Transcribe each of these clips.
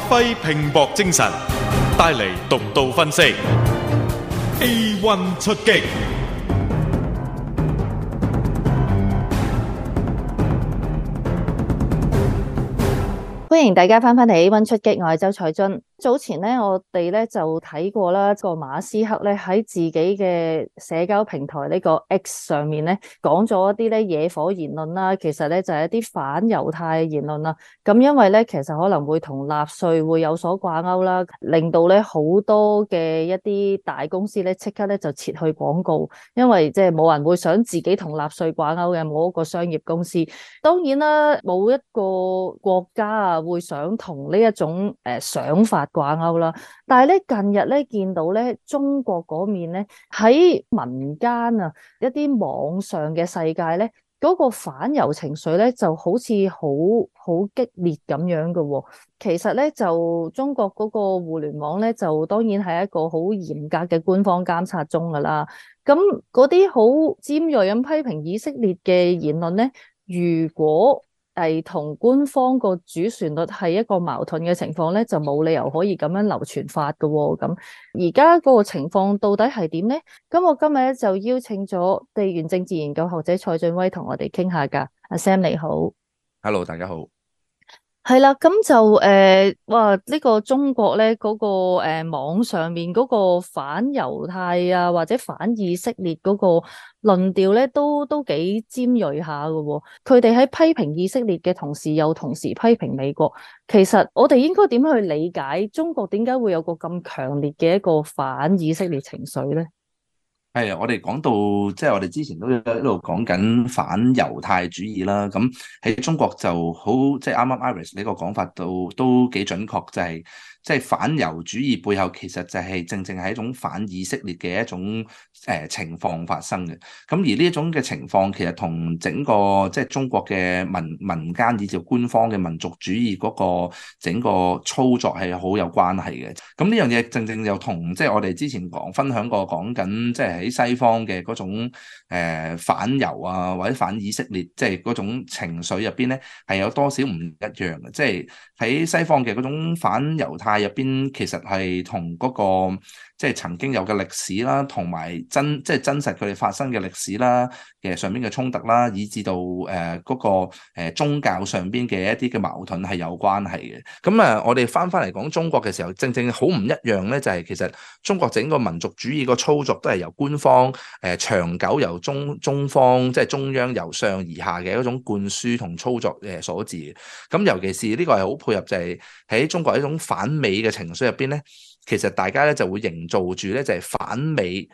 發揮拼搏精神，帶嚟獨到分析。A one 出擊，歡迎大家翻返嚟 A one 出擊，我係周彩津。早前咧，我哋咧就睇過啦，個馬斯克咧喺自己嘅社交平台呢個 X 上面咧，講咗一啲咧惹火言論啦。其實咧就係一啲反猶太嘅言論啦。咁因為咧，其實可能會同納粹會有所掛鈎啦，令到咧好多嘅一啲大公司咧，即刻咧就撤去廣告，因為即係冇人會想自己同納粹掛鈎嘅，冇一個商業公司。當然啦，冇一個國家啊會想同呢一種誒想法掛鈎啦，但係咧近日咧見到咧中國嗰面咧喺民間啊一啲網上嘅世界咧嗰個反猶情緒咧就好似好好激烈咁樣嘅。哦，其實咧就中國嗰個互聯網咧就當然係一個好嚴格嘅官方監察中噶啦，咁嗰啲好尖銳咁批評以色列嘅言論咧，如果係同官方個主旋律係一個矛盾嘅情況咧，就冇理由可以咁樣流傳法噶。咁而家嗰個情況到底係點咧？咁我今日咧就邀請咗地緣政治研究學者蔡俊威同我哋傾下噶。阿 Sam，你好，Hello，大家好。係啦，咁就誒哇，呢個中國咧，嗰個誒網上面嗰個反猶太啊，或者反以色列嗰個論調咧，都都幾尖銳下㗎喎。佢哋喺批評以色列嘅同時，又同時批評美國。其實我哋應該點樣去理解中國點解會有個咁強烈嘅一個反以色列情緒咧？係啊，我哋講到即係我哋之前都一路講緊反猶太主義啦，咁喺中國就好，即係啱啱 Iris 呢個講法都都幾準確，就係、是。即係反猶主義背後其實就係正正係一種反以色列嘅一種誒、呃、情況發生嘅，咁而呢一種嘅情況其實同整個即係中國嘅民民間以至官方嘅民族主義嗰個整個操作係好有關係嘅。咁、嗯、呢樣嘢正正又同即係我哋之前講分享過講緊即係喺西方嘅嗰種、呃、反猶啊或者反以色列即係嗰種情緒入邊咧係有多少唔一樣嘅？即係喺西方嘅嗰種反猶太入邊其實係同嗰個即係曾經有嘅歷史啦，同埋真即係真實佢哋發生嘅歷史啦嘅上邊嘅衝突啦，以至到誒嗰、呃那個誒、呃、宗教上邊嘅一啲嘅矛盾係有關係嘅。咁啊，我哋翻翻嚟講中國嘅時候，正正好唔一樣咧，就係其實中國整個民族主義個操作都係由官方誒、呃、長久由中中方即係、就是、中央由上而下嘅一種灌輸同操作誒所致。咁尤其是呢個係好配合就係喺中國一種反。美嘅情緒入邊咧，其實大家咧就會營造住咧，就係反美。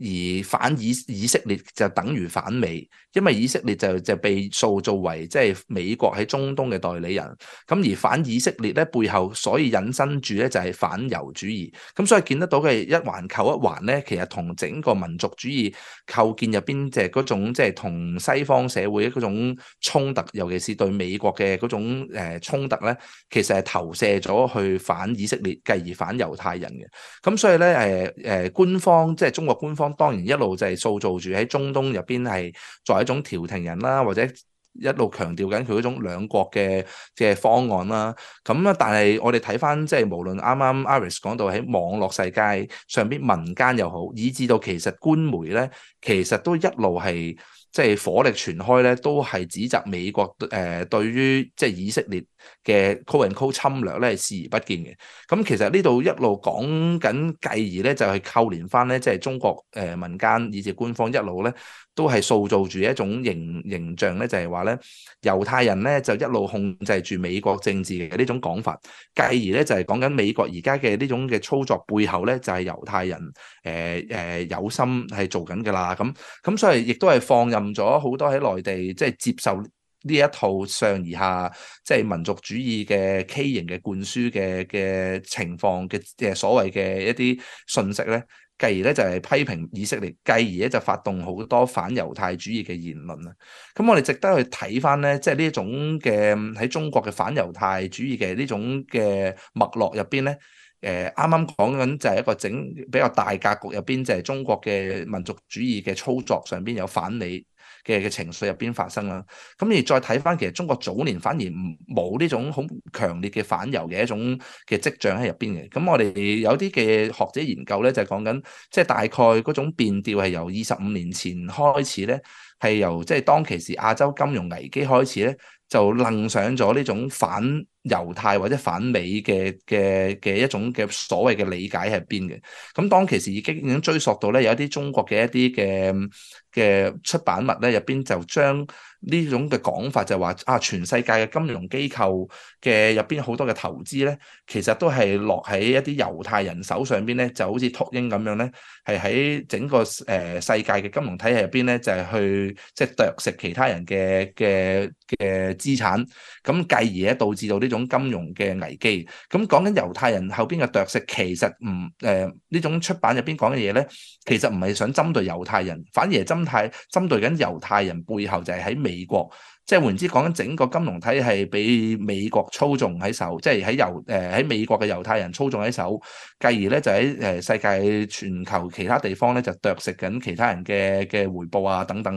而反以以色列就等於反美，因為以色列就就被塑造為即係、就是、美國喺中東嘅代理人。咁而反以色列咧，背後所以引申住咧就係、是、反猶主義，咁所以見得到嘅一環扣一環咧，其實同整個民族主義構建入邊即係種即係同西方社會嗰種衝突，尤其是對美國嘅種誒衝突咧，其實係投射咗去反以色列，繼而反猶太人嘅。咁所以咧誒誒官方即係中國官方。當然一路就係塑造住喺中東入邊係作為一種調停人啦，或者一路強調緊佢嗰種兩國嘅嘅方案啦。咁啊，但係我哋睇翻即係無論啱啱 Aris 講到喺網絡世界上邊民間又好，以至到其實官媒咧，其實都一路係即係火力全開咧，都係指責美國誒對於即係以色列。嘅 c a l 侵略咧，視而不見嘅。咁其實呢度一路講緊，繼而咧就係扣連翻咧，即係中國誒民間以至官方一路咧，都係塑造住一種形形象咧，就係話咧，猶太人咧就一路控制住美國政治嘅呢種講法。繼而咧就係講緊美國而家嘅呢種嘅操作背後咧，就係猶太人誒誒有心係做緊㗎啦。咁咁所以亦都係放任咗好多喺內地即係接受。呢一套上而下即係、就是、民族主義嘅畸形嘅灌輸嘅嘅情況嘅嘅所謂嘅一啲訊息咧，繼而咧就係批評以色列，繼而咧就發動好多反猶太主義嘅言論啦。咁我哋值得去睇返咧，即係呢種嘅喺中國嘅反猶太主義嘅呢種嘅脈絡入邊咧，誒啱啱講緊就係一個整比較大格局入邊，就係、是、中國嘅民族主義嘅操作上邊有反美嘅嘅情緒入邊發生啦，咁而再睇翻，其實中國早年反而冇呢種好強烈嘅反猶嘅一種嘅跡象喺入邊嘅。咁我哋有啲嘅學者研究咧，就係、講緊即係大概嗰種變調係由二十五年前開始咧，係由即係、就係、當其時亞洲金融危機開始咧，就楞上咗呢種反猶太或者反美嘅嘅嘅一種嘅所謂嘅理解喺入邊嘅。咁當其時已經已經追溯到咧，有一啲中國嘅一啲嘅。嘅出版物咧，入邊就將呢種嘅講法就話啊，全世界嘅金融機構嘅入邊好多嘅投資咧，其實都係落喺一啲猶太人手上邊咧，就好似禿鷹咁樣咧，係喺整個誒、呃、世界嘅金融體系入邊咧，就係、是、去即係啄食其他人嘅嘅。嘅資產，咁繼而咧導致到呢種金融嘅危機。咁講緊猶太人後邊嘅特色，其實唔誒呢種出版入邊講嘅嘢咧，其實唔係想針對猶太人，反而係針對針對緊猶太人背後就係喺美國。即係換言之，講緊整個金融體系俾美國操縱喺手，即係喺猶誒喺美國嘅猶太人操縱喺手，繼而咧就喺誒世界全球其他地方咧就啄食緊其他人嘅嘅回報啊等等。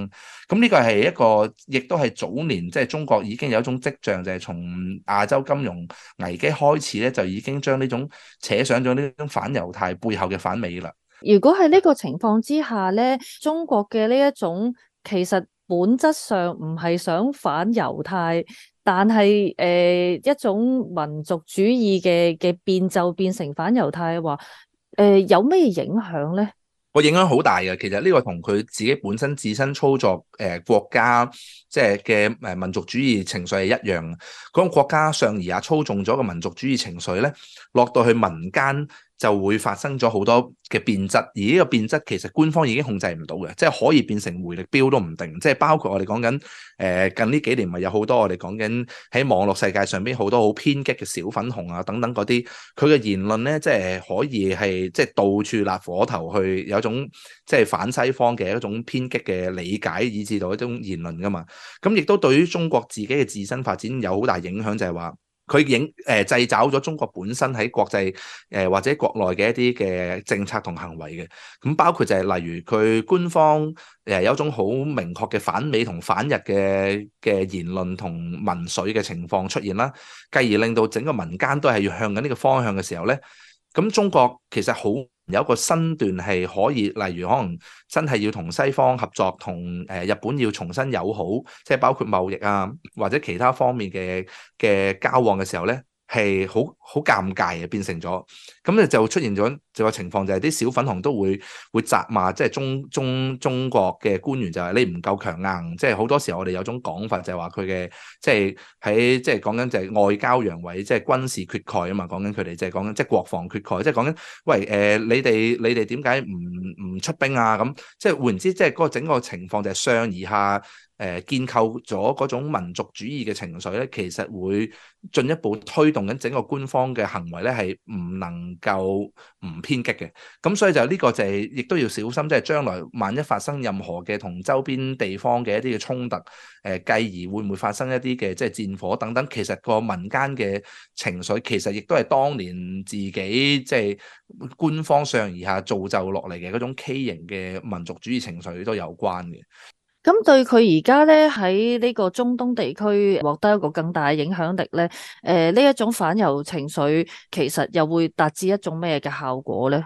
咁、嗯、呢、這個係一個，亦都係早年即係、就是、中國已經有一種跡象，就係、是、從亞洲金融危機開始咧就已經將呢種扯上咗呢種反猶太背後嘅反美啦。如果喺呢個情況之下咧，中國嘅呢一種其實。本質上唔係想反猶太，但係誒、呃、一種民族主義嘅嘅變奏變成反猶太，話誒、呃，有咩影響咧？我影響好大嘅。其實呢個同佢自己本身自身操作誒、呃、國家即係嘅誒民族主義情緒係一樣。嗰個國家上而下操縱咗個民族主義情緒咧，落到去民間。就會發生咗好多嘅變質，而呢個變質其實官方已經控制唔到嘅，即係可以變成回力鏢都唔定。即係包括我哋講緊誒近呢幾年，咪有好多我哋講緊喺網絡世界上邊好多好偏激嘅小粉紅啊等等嗰啲，佢嘅言論咧，即係可以係即係到處焫火頭去，有一種即係反西方嘅一種偏激嘅理解，以至到一種言論噶嘛。咁亦都對於中國自己嘅自身發展有好大影響，就係話。佢影誒製找咗中國本身喺國際誒或者國內嘅一啲嘅政策同行為嘅，咁包括就係例如佢官方誒有一種好明確嘅反美同反日嘅嘅言論同民粹嘅情況出現啦，繼而令到整個民間都係要向緊呢個方向嘅時候咧，咁中國其實好。有一個身段係可以，例如可能真係要同西方合作，同誒日本要重新友好，即係包括貿易啊或者其他方面嘅嘅交往嘅時候咧，係好。好尷尬啊，變成咗咁咧，就出現咗就個情況就係啲小粉紅都會會責罵，即係中中中國嘅官員就係你唔夠強硬。即係好多時候我哋有種講法就係話佢嘅即係喺即係講緊就係外交陽痿，即係軍事缺鈣啊嘛，講緊佢哋即係講緊即係國防缺鈣即係講緊喂，誒你哋你哋點解唔唔出兵啊？咁即係換言之，即係個整個情況就係上而下誒建構咗嗰種民族主義嘅情緒咧，其實會進一步推動緊整個官方。嘅行為咧係唔能夠唔偏激嘅，咁所以就呢個就係亦都要小心，即係將來萬一發生任何嘅同周邊地方嘅一啲嘅衝突，誒繼而會唔會發生一啲嘅即係戰火等等，其實個民間嘅情緒其實亦都係當年自己即係官方上而下造就落嚟嘅嗰種畸形嘅民族主義情緒都有關嘅。咁對佢而家咧喺呢個中東地區獲得一個更大嘅影響力咧，誒呢一種反猶情緒，其實又會達至一種咩嘅效果咧？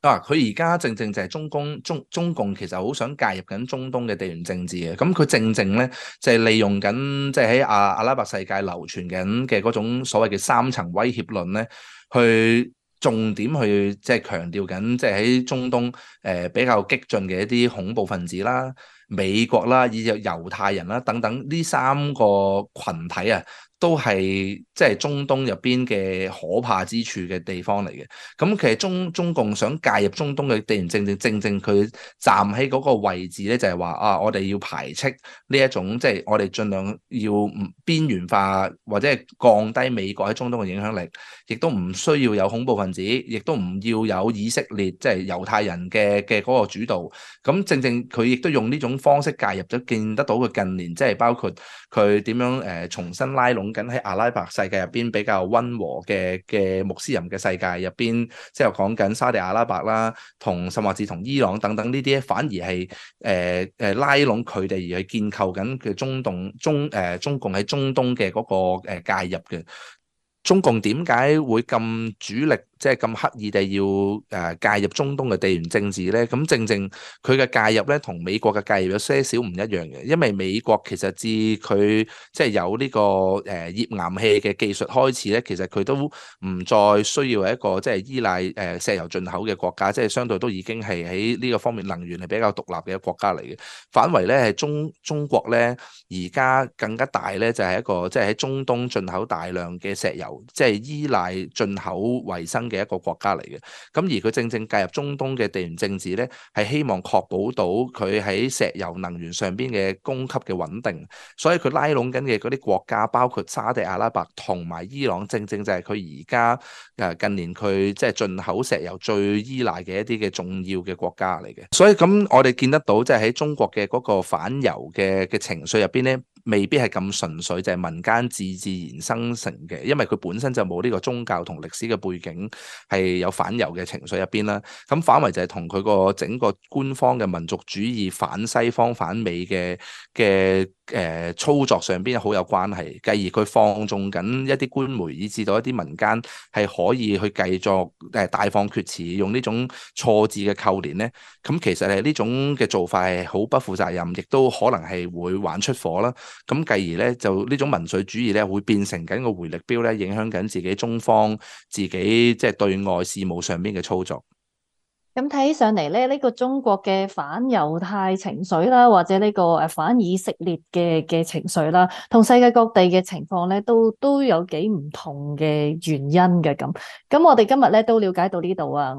啊，佢而家正正就係中共中，中共其實好想介入緊中東嘅地緣政治嘅，咁佢正正咧就係、是、利用緊即係喺阿阿拉伯世界流傳緊嘅嗰種所謂嘅三層威脅論咧，去重點去即係強調緊即係喺中東誒、呃、比較激進嘅一啲恐怖分子啦。美國啦，以及猶太人啦，等等呢三個群體啊。都係即係中東入邊嘅可怕之處嘅地方嚟嘅。咁其實中中共想介入中東嘅地緣政治，正正佢站喺嗰個位置咧，就係、是、話啊，我哋要排斥呢一種即係我哋盡量要邊緣化，或者係降低美國喺中東嘅影響力，亦都唔需要有恐怖分子，亦都唔要有以色列即係猶太人嘅嘅嗰個主導，咁、嗯、正正佢亦都用呢種方式介入咗，見得到佢近年即係包括佢點樣誒、呃、重新拉攏緊喺阿拉伯世界入邊比較溫和嘅嘅穆斯林嘅世界入邊，即係講緊沙地阿拉伯啦，同甚至同伊朗等等呢啲，反而係誒誒拉攏佢哋，而去建構緊嘅中東中誒、呃、中共喺中東嘅嗰個介入嘅。中共點解會咁主力？即係咁刻意地要誒介入中東嘅地緣政治咧，咁正正佢嘅介入咧，同美國嘅介入有些少唔一樣嘅，因為美國其實自佢即係有呢、這個誒頁岩氣嘅技術開始咧，其實佢都唔再需要一個即係依賴誒石油進口嘅國家，即係相對都已經係喺呢個方面能源係比較獨立嘅一個國家嚟嘅。反為咧係中中國咧，而家更加大咧就係、是、一個即係喺中東進口大量嘅石油，即係依賴進口維生。嘅一個國家嚟嘅，咁而佢正正介入中東嘅地緣政治咧，係希望確保到佢喺石油能源上邊嘅供給嘅穩定，所以佢拉攏緊嘅嗰啲國家包括沙地阿拉伯同埋伊朗，正正就係佢而家誒近年佢即係進口石油最依賴嘅一啲嘅重要嘅國家嚟嘅，所以咁我哋見得到即係喺中國嘅嗰個反猶嘅嘅情緒入邊咧。未必係咁純粹，就係、是、民間自自然生成嘅，因為佢本身就冇呢個宗教同歷史嘅背景係有反猶嘅情緒入邊啦。咁反為就係同佢個整個官方嘅民族主義反西方、反美嘅嘅誒操作上邊好有關係。繼而佢放縱緊一啲官媒，以至到一啲民間係可以去繼續誒大放厥詞，用種呢種錯字嘅扣連咧。咁其實係呢種嘅做法係好不負責任，亦都可能係會玩出火啦。咁繼而咧，就呢種民粹主義咧，會變成緊個回力鏢咧，影響緊自己中方自己即係對外事務上邊嘅操作。咁睇起上嚟咧，呢個中國嘅反猶太情緒啦，或者呢個誒反以色列嘅嘅情緒啦，同世界各地嘅情況咧，都都有幾唔同嘅原因嘅。咁咁我哋今日咧都了解到呢度啊。